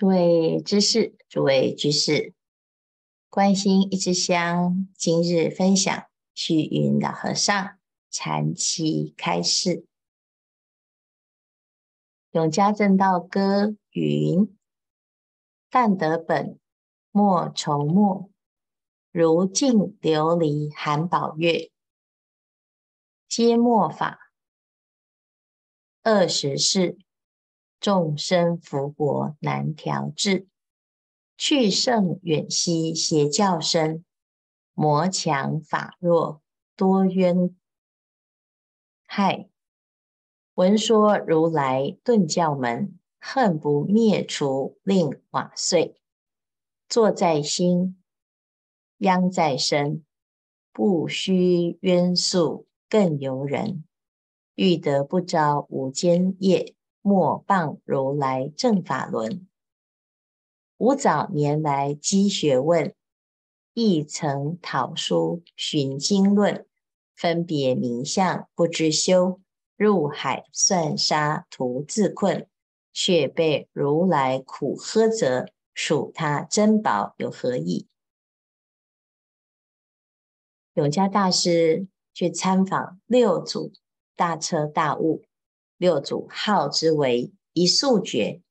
諸位居士，諸位居士，觀心一支香，今日分享虛雲老和尚禪七開示，《永嘉證道歌》云：“但得本，莫愁末，如淨琉璃含寶月，嗟末法，惡時世眾生福薄難調製，去聖遠兮邪見深，魔強法弱多怨害。聞說如來頓教門，恨不滅除令瓦碎。作在心，殃在身，不須怨訴更尤人。欲得不招無間業。莫謗如來正法輪，吾早年來積學問，亦曾討疏尋經論，分別名相不知休，入海算沙徒自困，卻被如來苦呵責，數他珍寶有何益？永嘉大師去參訪六祖，大徹大悟。六祖號之為一宿覺，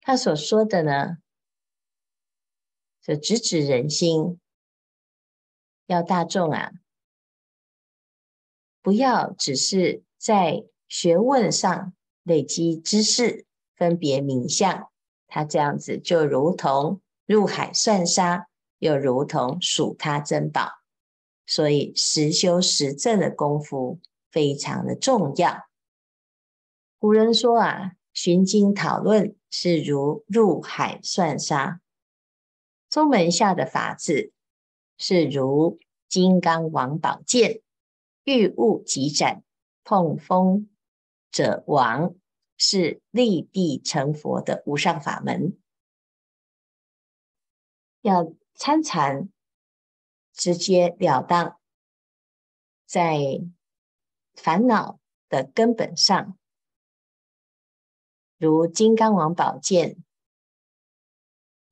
他所說的呢，就直指人心，要大眾啊，不要只是在學問上累積知識、分別名相，他這樣子就如同入海算沙，又如同數他珍寶，所以實修實證的功夫非常的重要。古人說啊，尋經討論是如入海算沙，宗門下的法子是如金剛王寶劍，遇物即斬，碰鋒者亡，是立地成佛的無上法門。要參禪，直接了當，在煩惱的根本上。如金剛王寶劍，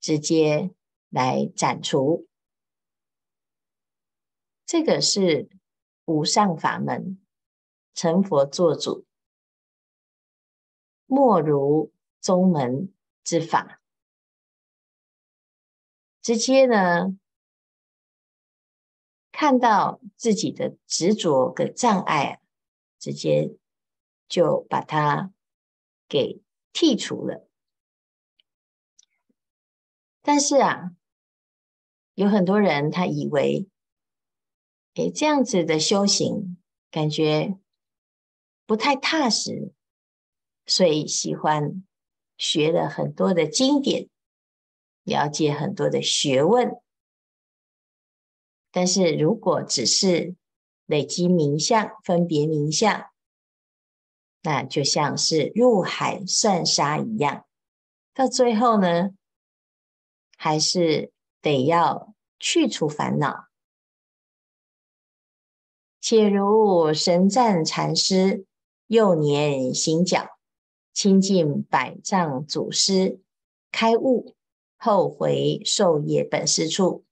直接來斬除。這個是無上法門，成佛作主，莫如宗門之法。直接呢，看到自己的執着跟障礙，直接就把它給。剔除了，但是啊，有很多人他以為，誒，這樣子的修行感覺不太踏實，所以喜歡學了很多的經典，了解很多的學問。但是如果只是累積名相、分別名相，那就像是入海算沙一樣，到最後呢，還是得要去除煩惱。且如神贊禪師幼年行腳，親近百丈祖師開悟後，回受業本師處。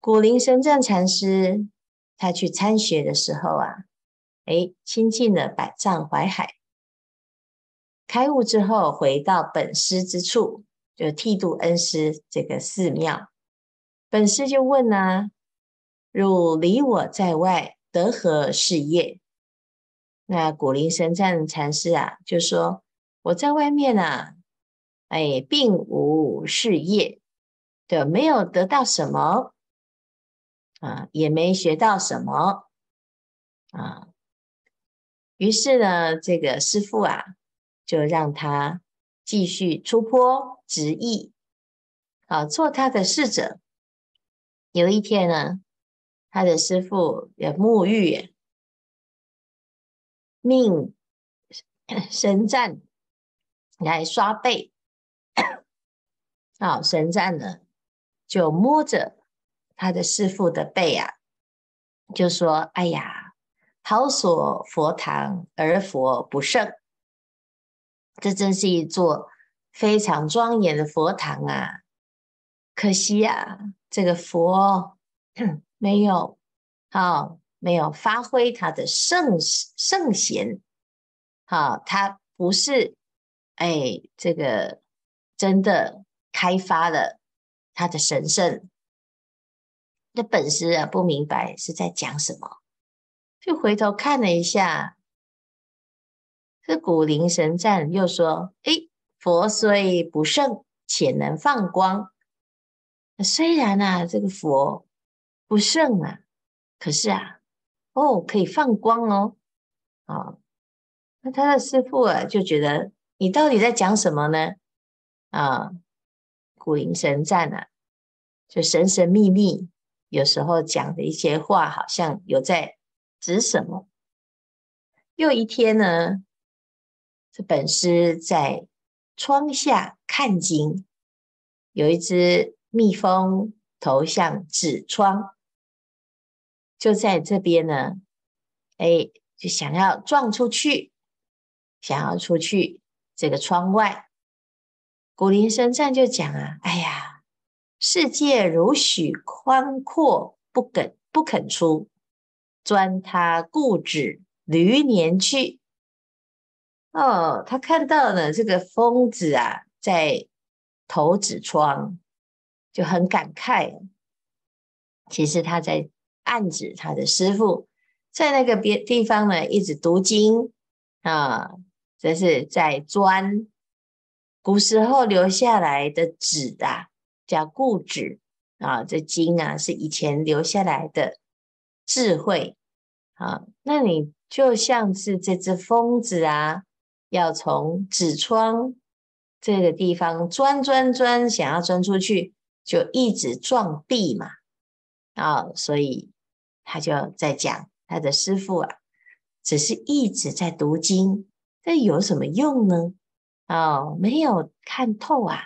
古靈神贊禪師他去參學的時候啊。哎，親近了百丈懷海，開悟之後回到本師之處，就剃度恩師這個寺廟，本師就問呢、啊：汝離我在外，得何事業？那古靈神贊禪師啊，就說：我在外面啊，哎，並無事業，對，沒有得到什麼啊，也沒學到什麼啊。於是呢，這個師父啊，就讓他繼續出坡執役啊，做他的侍者。有一天呢，他的師父也沐浴，命神贊來刷背。好、啊，神贊呢就摸着他的師父的背啊，就說：“哎呀。”好所佛堂，而佛不聖。這真是一座非常莊嚴的佛堂啊！可惜呀、啊，這個佛沒有好、哦，沒有發揮他的聖聖賢。好、哦，他不是哎，這個真的開發了他的神聖，這本師啊！不明白是在講什麼。就回頭看了一下，這古靈神贊又說：“誒，佛雖不聖，且能放光。雖然啊，這個佛不聖啊，可是啊，哦，可以放光哦。啊、哦，那他的師父啊就覺得，你到底在講什麼呢？啊、哦，古靈神贊啊，就神神秘秘，有時候講的一些話，好像有在。”指什麼？又一天呢，這本師在窗下看經，有一隻蜜蜂投向紙窗，就在這邊呢，哎，就想要撞出去，想要出去這個窗外。古靈神贊就講啊，哎呀，世界如許寬闊，不肯不肯出。鑽他故紙驢年去哦，他看到了這個蜂子啊，在投紙窗，就很感慨。其實他在暗指他的師傅在那個別地方呢，一直讀經啊、哦，這是在鑽古時候留下來的紙啊，叫故紙啊、哦，這經啊是以前留下來的。智慧，啊，那你就像是這隻蜂子啊，要從紙窗這個地方鑽鑽鑽，想要鑽出去，就一直撞壁嘛，啊、哦，所以他就在講他的師傅啊，只是一直在讀經，這有什麼用呢？哦，沒有看透啊，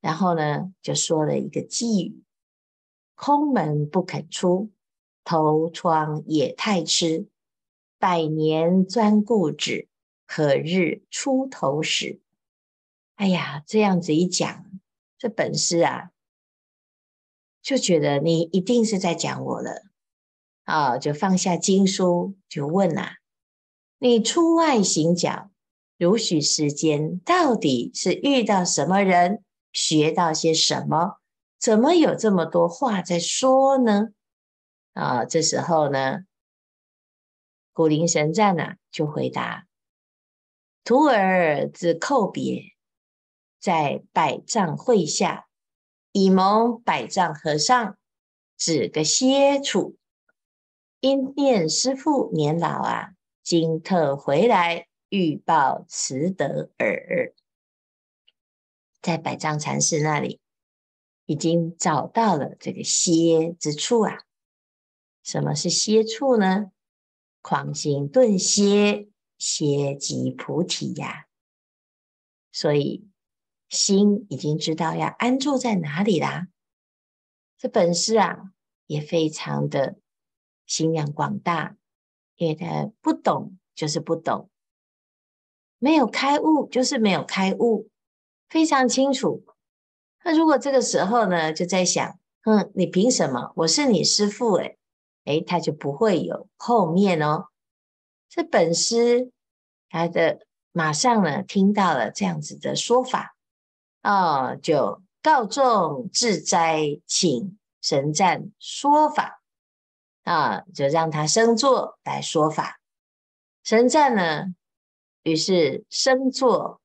然後呢，就說了一個偈語：空門不肯出。投窗也太癡，百年鑽故紙，何日出頭時？哎呀，這樣子一講，這本師啊，就覺得你一定是在講我了啊、哦！就放下經書，就問啊：你出外行腳如許時間，到底是遇到什麼人？學到些什麼？怎麼有這麼多話在說呢？啊，這時候呢，古靈神贊啊，就回答徒兒自叩別，在百丈會下，已蒙百丈和尚指個歇處，因念師父年老啊，今特回來欲報慈德耳，在百丈禪師那裡已經找到了這個歇之處啊。什麼是歇處呢？狂心頓歇，歇即菩提呀、啊。所以心已經知道要安住在哪裡啦。這本師啊，也非常的心量廣大，因為他不懂就是不懂，沒有開悟就是沒有開悟，非常清楚。那如果這個時候呢，就在想，嗯，你憑什麼？我是你師父誒、欸誒，他就不會有後面哦。這本師他的馬上呢，聽到了這樣子的說法，啊、哦，就告眾致齋，請神贊說法，啊、哦，就讓他升座來說法。神贊呢，於是升座，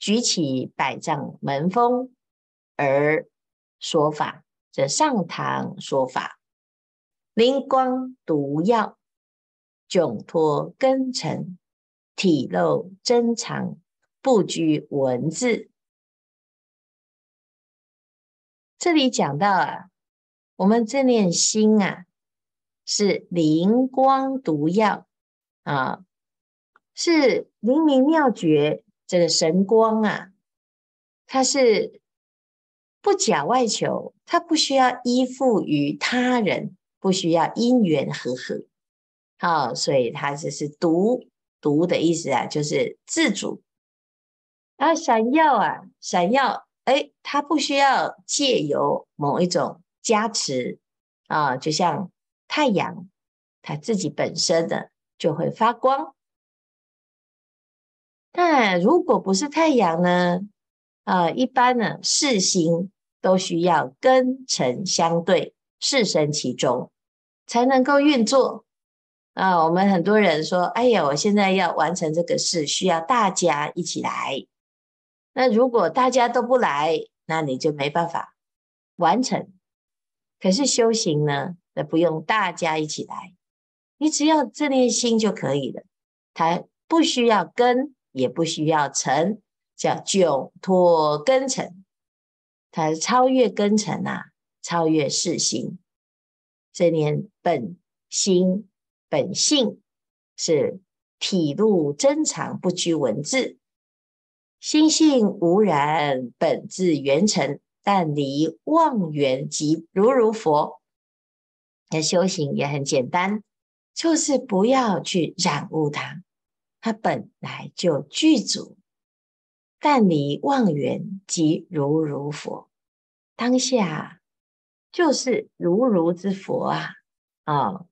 舉起百丈門風而說法，這上堂說法。靈光獨耀，迥脫根塵，體露真常，不拘文字。這裡講到啊，我們這念心啊，是靈光獨耀啊，是靈明妙覺這個神光啊，它是不假外求，它不需要依附於他人。不需要因緣和合，好、哦，所以它只是獨獨的意思啊，就是自主。啊，閃耀啊，閃耀，誒、欸，它不需要借由某一種加持啊、呃，就像太陽，它自己本身的就會發光。但如果不是太陽呢？啊、呃，一般呢，識心都需要根塵相對，識生其中。才能夠運作啊！我們很多人說：“哎呀，我現在要完成這個事，需要大家一起來。”那如果大家都不來，那你就沒辦法完成。可是修行呢，那不用大家一起來，你只要這念心就可以了。它不需要根，也不需要塵，叫迥脫根塵。它超越根塵啊，超越世心。這念本心本性是體露真常，不拘文字，心性無染，本自圓成，但離妄緣，即如如佛。那修行也很簡單，就是不要去染污它，它本來就具足。但離妄緣即如如佛，當下。就是如如之佛啊！啊、哦，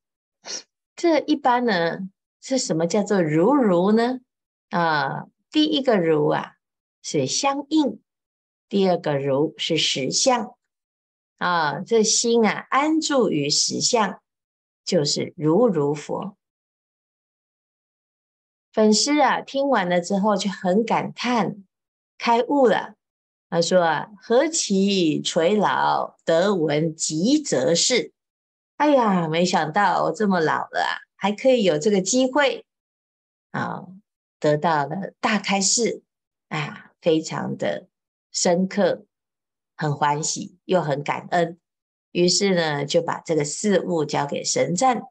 這一般呢是什麼叫做如如呢？啊、哦，第一個如啊是相應，第二個如是實相啊、哦，這心啊安住於實相，就是如如佛。本師啊聽完了之後就很感嘆，開悟了。他說：“啊，何期垂老，得聞極則事！哎呀，沒想到我這麼老了、啊，還可以有這個機會啊、哦，得到了大開示啊、哎，非常的深刻，很歡喜，又很感恩。於是呢，就把這個寺務交給神贊，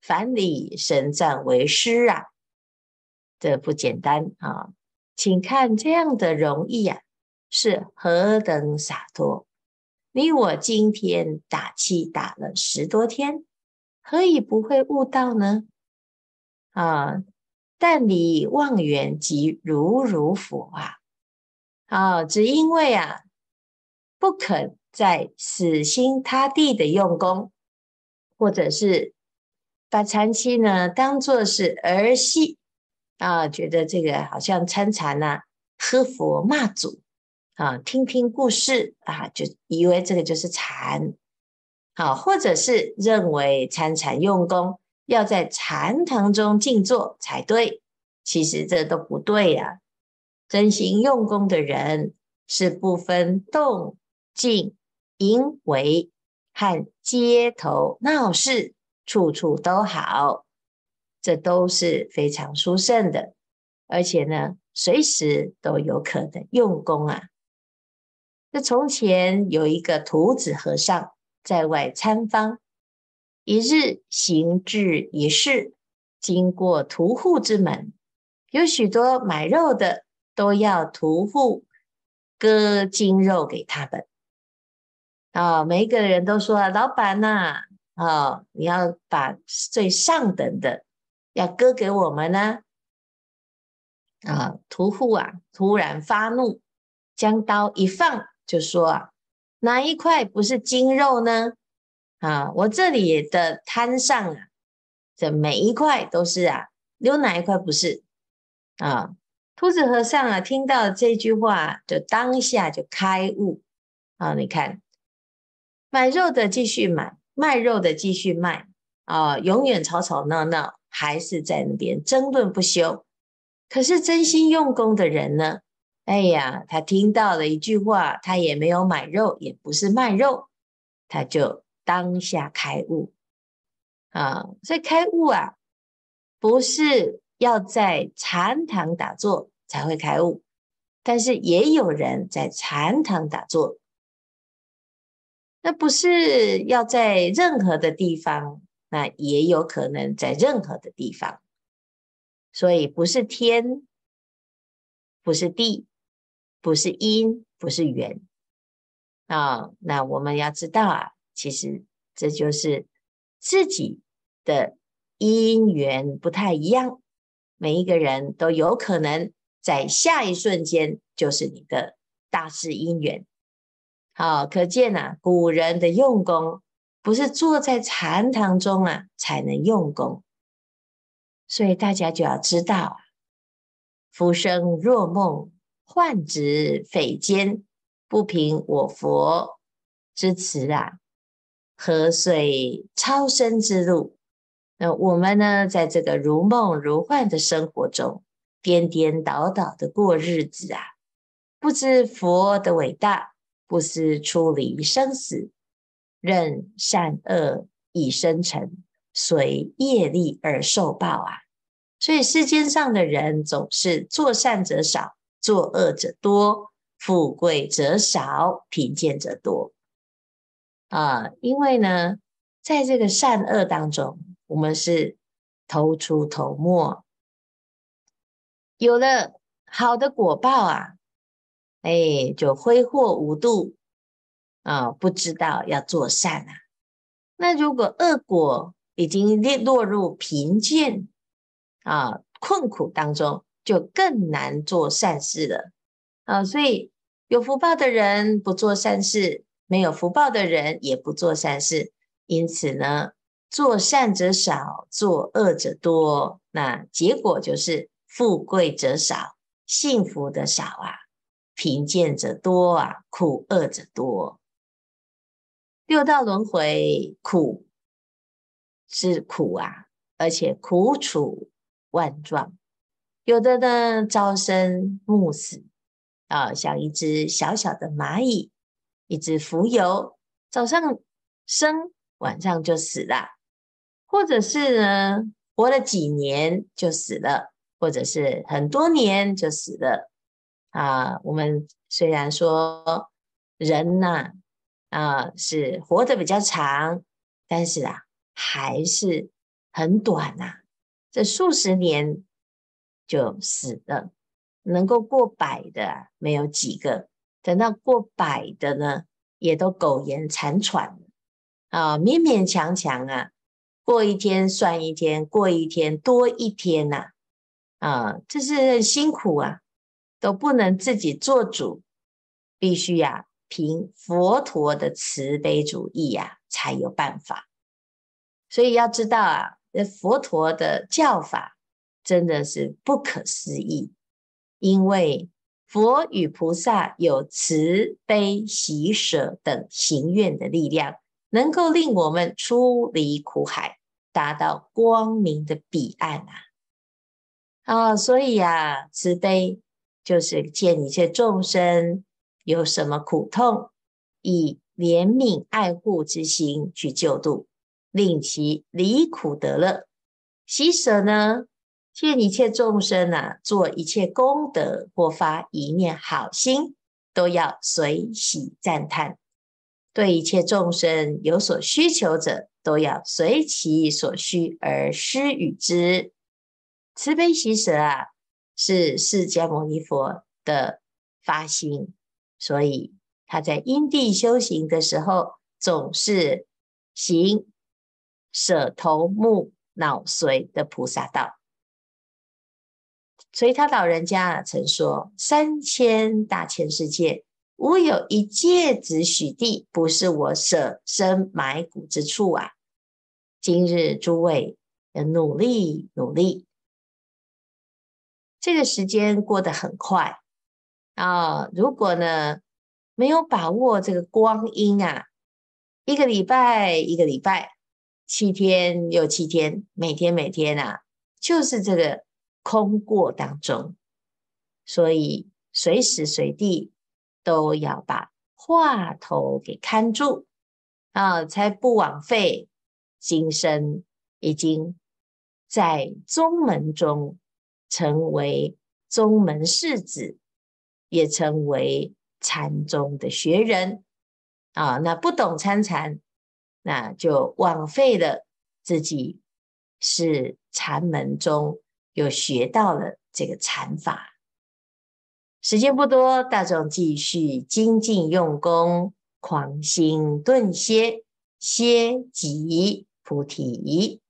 反禮神贊為師啊，這不簡單啊、哦，請看這樣的容易啊！”是何等灑脫！你我今天打七打了十多天，何以不會悟道呢？啊！但離妄緣，即如如佛啊！啊！只因為啊，不肯再死心塌地的用功，或者是把禪七呢當做是兒戲啊，覺得這個好像參禪啊，呵佛罵祖。啊，聽聽故事啊，就以為這個就是禪，好、啊，或者是認為參禪用功，要在禪堂中靜坐才對，其實這都不對呀、啊。真心用功的人是不分動靜，營為和街頭鬧市處處都好，這都是非常殊勝的，而且呢，隨時都有可能用功啊。這從前有一個屠子和尚在外參方，一日行至一市，經過屠戶之門，有許多買肉的都要屠戶割精肉給他們。啊、哦，每一個人都說：“老板吶、啊，啊、哦，你要把最上等的要割給我們呢。哦”啊，屠戶啊，突然發怒，將刀一放。就說啊，哪一塊不是精肉呢？啊，我這裡的攤上啊，這每一塊都是啊，有哪一塊不是？啊，屠子和尚啊，聽到這句話，就當下就開悟啊！你看，買肉的繼續買，賣肉的繼續賣啊，永遠吵吵鬧鬧，還是在那邊爭論不休。可是真心用功的人呢？哎呀，他聽到了一句話，他也沒有買肉，也不是賣肉，他就當下開悟啊、嗯。所以開悟啊，不是要在禪堂打坐才會開悟，但是也有人在禪堂打坐。那不是要在任何的地方，那也有可能在任何的地方。所以不是天，不是地。不是因，不是緣啊，哦！那我們要知道啊，其實這就是自己的因緣不太一樣。每一個人都有可能在下一瞬間就是你的大事因緣。好，哦，可見啊，古人的用功不是坐在禪堂中啊才能用功，所以大家就要知道，啊，浮生若夢。幻質匪堅，不憑我佛之慈啊，何遂超生之路？那我們呢，在這個如夢如幻的生活中，顛顛倒倒的過日子啊，不知佛的偉大，不思出離生死，任善惡以生成，隨業力而受報啊。所以世間上的人，總是作善者少。作惡者多，富貴者少，貧賤者多啊！因為呢，在這個善惡當中，我們是頭出頭沒，有了好的果報啊，哎，就揮霍無度啊，不知道要做善啊。那如果惡果已經落落入貧賤啊、困苦當中。就更難做善事了啊、呃！所以有福報的人不做善事，沒有福報的人也不做善事。因此呢，做善者少，做惡者多。那結果就是富貴者少，幸福的少啊，貧賤者多啊，苦惡者多、啊、苦惡者多。六道輪回苦是苦啊，而且苦楚萬狀。有的呢，朝生暮死啊、呃，像一隻小小的螞蟻，一隻蜉蝣，早上生，晚上就死了；或者是呢，活了幾年就死了，或者是很多年就死了啊、呃。我們雖然說人呢啊、呃、是活得比較長，但是啊還是很短吶、啊，這數十年。就死了，能夠過百的沒有幾個。等到過百的呢，也都苟延殘喘啊、呃，勉勉強強啊，過一天算一天，過一天多一天吶、啊，啊、呃，這是很辛苦啊，都不能自己做主，必須呀、啊，憑佛陀的慈悲主義呀、啊，才有辦法。所以要知道啊，佛陀的教法。真的是不可思議，因為佛與菩薩有慈悲、喜舍等行願的力量，能夠令我們出離苦海，達到光明的彼岸啊！啊，所以啊，慈悲就是見一切眾生有什麼苦痛，以憐憫愛護之心去救度，令其離苦得樂；喜舍呢？見一切眾生啊，做一切功德或發一念好心，都要隨喜讚歎；對一切眾生有所需求者，都要隨其所需而施與之。慈悲喜舍啊，是釋迦牟尼佛的發心，所以他在因地修行的時候，總是行舍頭目腦髓的菩薩道。所以他老人家曾說：“三千大千世界，無有一芥子許地，不是我舍身埋骨之處啊！”今日諸位要努力努力，這個時間過得很快啊！如果呢沒有把握這個光陰啊，一個禮拜一個禮拜，七天又七天，每天每天啊，就是這個。空過當中，所以隨時隨地都要把話頭給看住啊，才不枉費今生已經在宗門中成為宗門世子，也成為禪宗的學人啊。那不懂參禪，禪，那就枉費了自己是禪門中。又學到了這個禪法，時間不多，大眾繼續精進用功，狂心頓歇，歇即菩提。